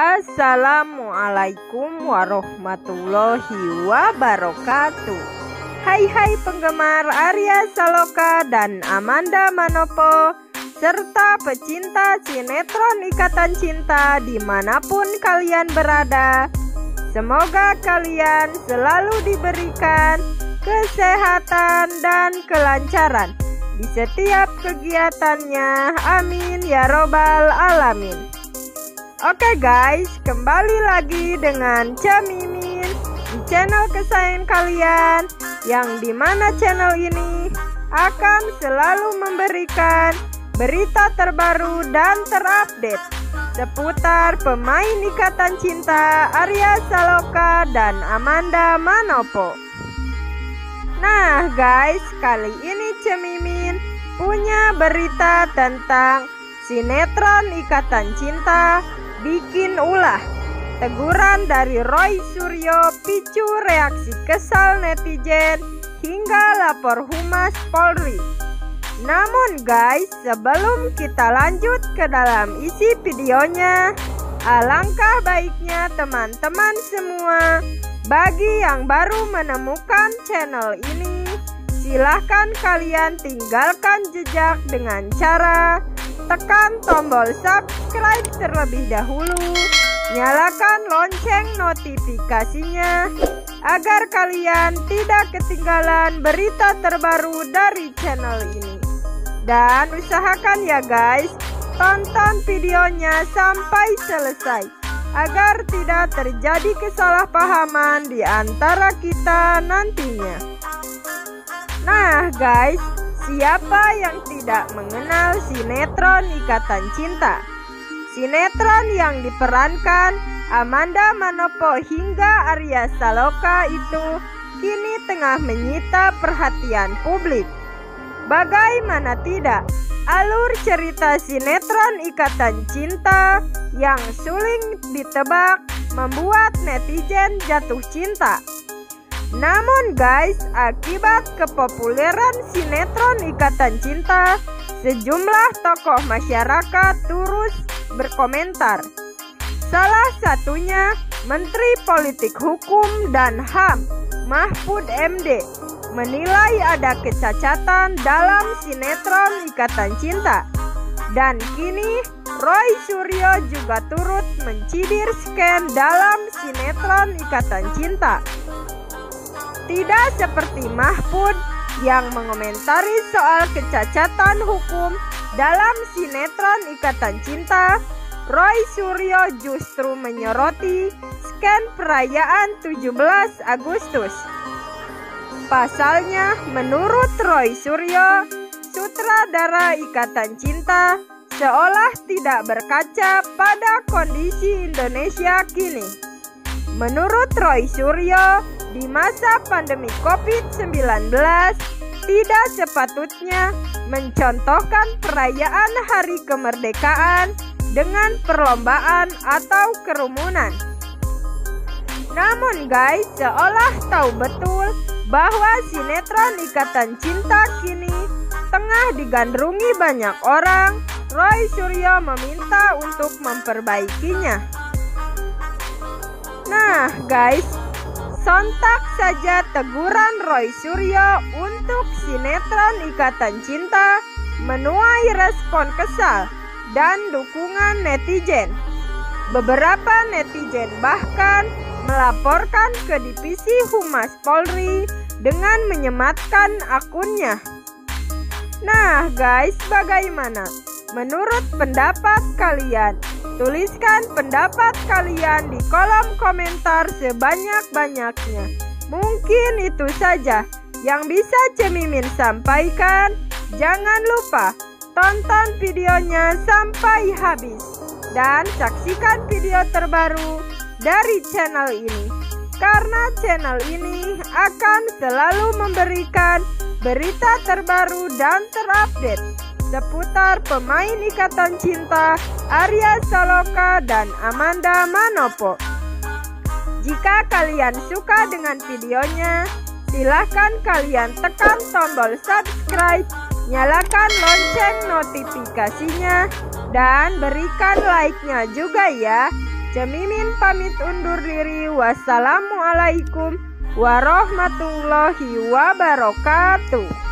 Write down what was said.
Assalamualaikum warahmatullahi wabarakatuh Hai hai penggemar Arya Saloka dan Amanda Manopo Serta pecinta sinetron ikatan cinta dimanapun kalian berada Semoga kalian selalu diberikan kesehatan dan kelancaran di setiap kegiatannya Amin ya robbal alamin Oke guys, kembali lagi dengan Camimin di channel kesayangan kalian yang dimana channel ini akan selalu memberikan berita terbaru dan terupdate seputar pemain ikatan cinta Arya Saloka dan Amanda Manopo. Nah guys, kali ini Cemimin punya berita tentang sinetron ikatan cinta bikin ulah. Teguran dari Roy Suryo picu reaksi kesal netizen hingga lapor Humas Polri. Namun guys, sebelum kita lanjut ke dalam isi videonya, alangkah baiknya teman-teman semua bagi yang baru menemukan channel ini, silahkan kalian tinggalkan jejak dengan cara tekan tombol subscribe terlebih dahulu. Nyalakan lonceng notifikasinya agar kalian tidak ketinggalan berita terbaru dari channel ini. Dan usahakan ya guys, tonton videonya sampai selesai agar tidak terjadi kesalahpahaman di antara kita nantinya. Nah guys, Siapa yang tidak mengenal sinetron Ikatan Cinta? Sinetron yang diperankan Amanda Manopo hingga Arya Saloka itu kini tengah menyita perhatian publik. Bagaimana tidak, alur cerita sinetron Ikatan Cinta yang suling ditebak membuat netizen jatuh cinta. Namun guys, akibat kepopuleran sinetron Ikatan Cinta, sejumlah tokoh masyarakat turut berkomentar. Salah satunya Menteri Politik Hukum dan HAM Mahfud MD menilai ada kecacatan dalam sinetron Ikatan Cinta. Dan kini Roy Suryo juga turut mencibir scan dalam sinetron Ikatan Cinta. Tidak seperti Mahfud yang mengomentari soal kecacatan hukum dalam sinetron Ikatan Cinta, Roy Suryo justru menyoroti scan perayaan 17 Agustus. Pasalnya, menurut Roy Suryo, sutradara Ikatan Cinta seolah tidak berkaca pada kondisi Indonesia kini. Menurut Roy Suryo, di masa pandemi COVID-19 tidak sepatutnya mencontohkan perayaan hari kemerdekaan dengan perlombaan atau kerumunan. Namun guys, seolah tahu betul bahwa sinetron Ikatan Cinta kini tengah digandrungi banyak orang, Roy Suryo meminta untuk memperbaikinya. Nah, guys, sontak saja teguran Roy Suryo untuk sinetron Ikatan Cinta menuai respon kesal dan dukungan netizen. Beberapa netizen bahkan melaporkan ke Divisi Humas Polri dengan menyematkan akunnya. Nah, guys, bagaimana? Menurut pendapat kalian, Tuliskan pendapat kalian di kolom komentar sebanyak-banyaknya. Mungkin itu saja yang bisa Cemimin sampaikan. Jangan lupa tonton videonya sampai habis dan saksikan video terbaru dari channel ini. Karena channel ini akan selalu memberikan berita terbaru dan terupdate seputar pemain Ikatan Cinta Arya Saloka dan Amanda Manopo. Jika kalian suka dengan videonya, silahkan kalian tekan tombol subscribe, nyalakan lonceng notifikasinya, dan berikan like-nya juga ya. Cemimin pamit undur diri. Wassalamualaikum warahmatullahi wabarakatuh.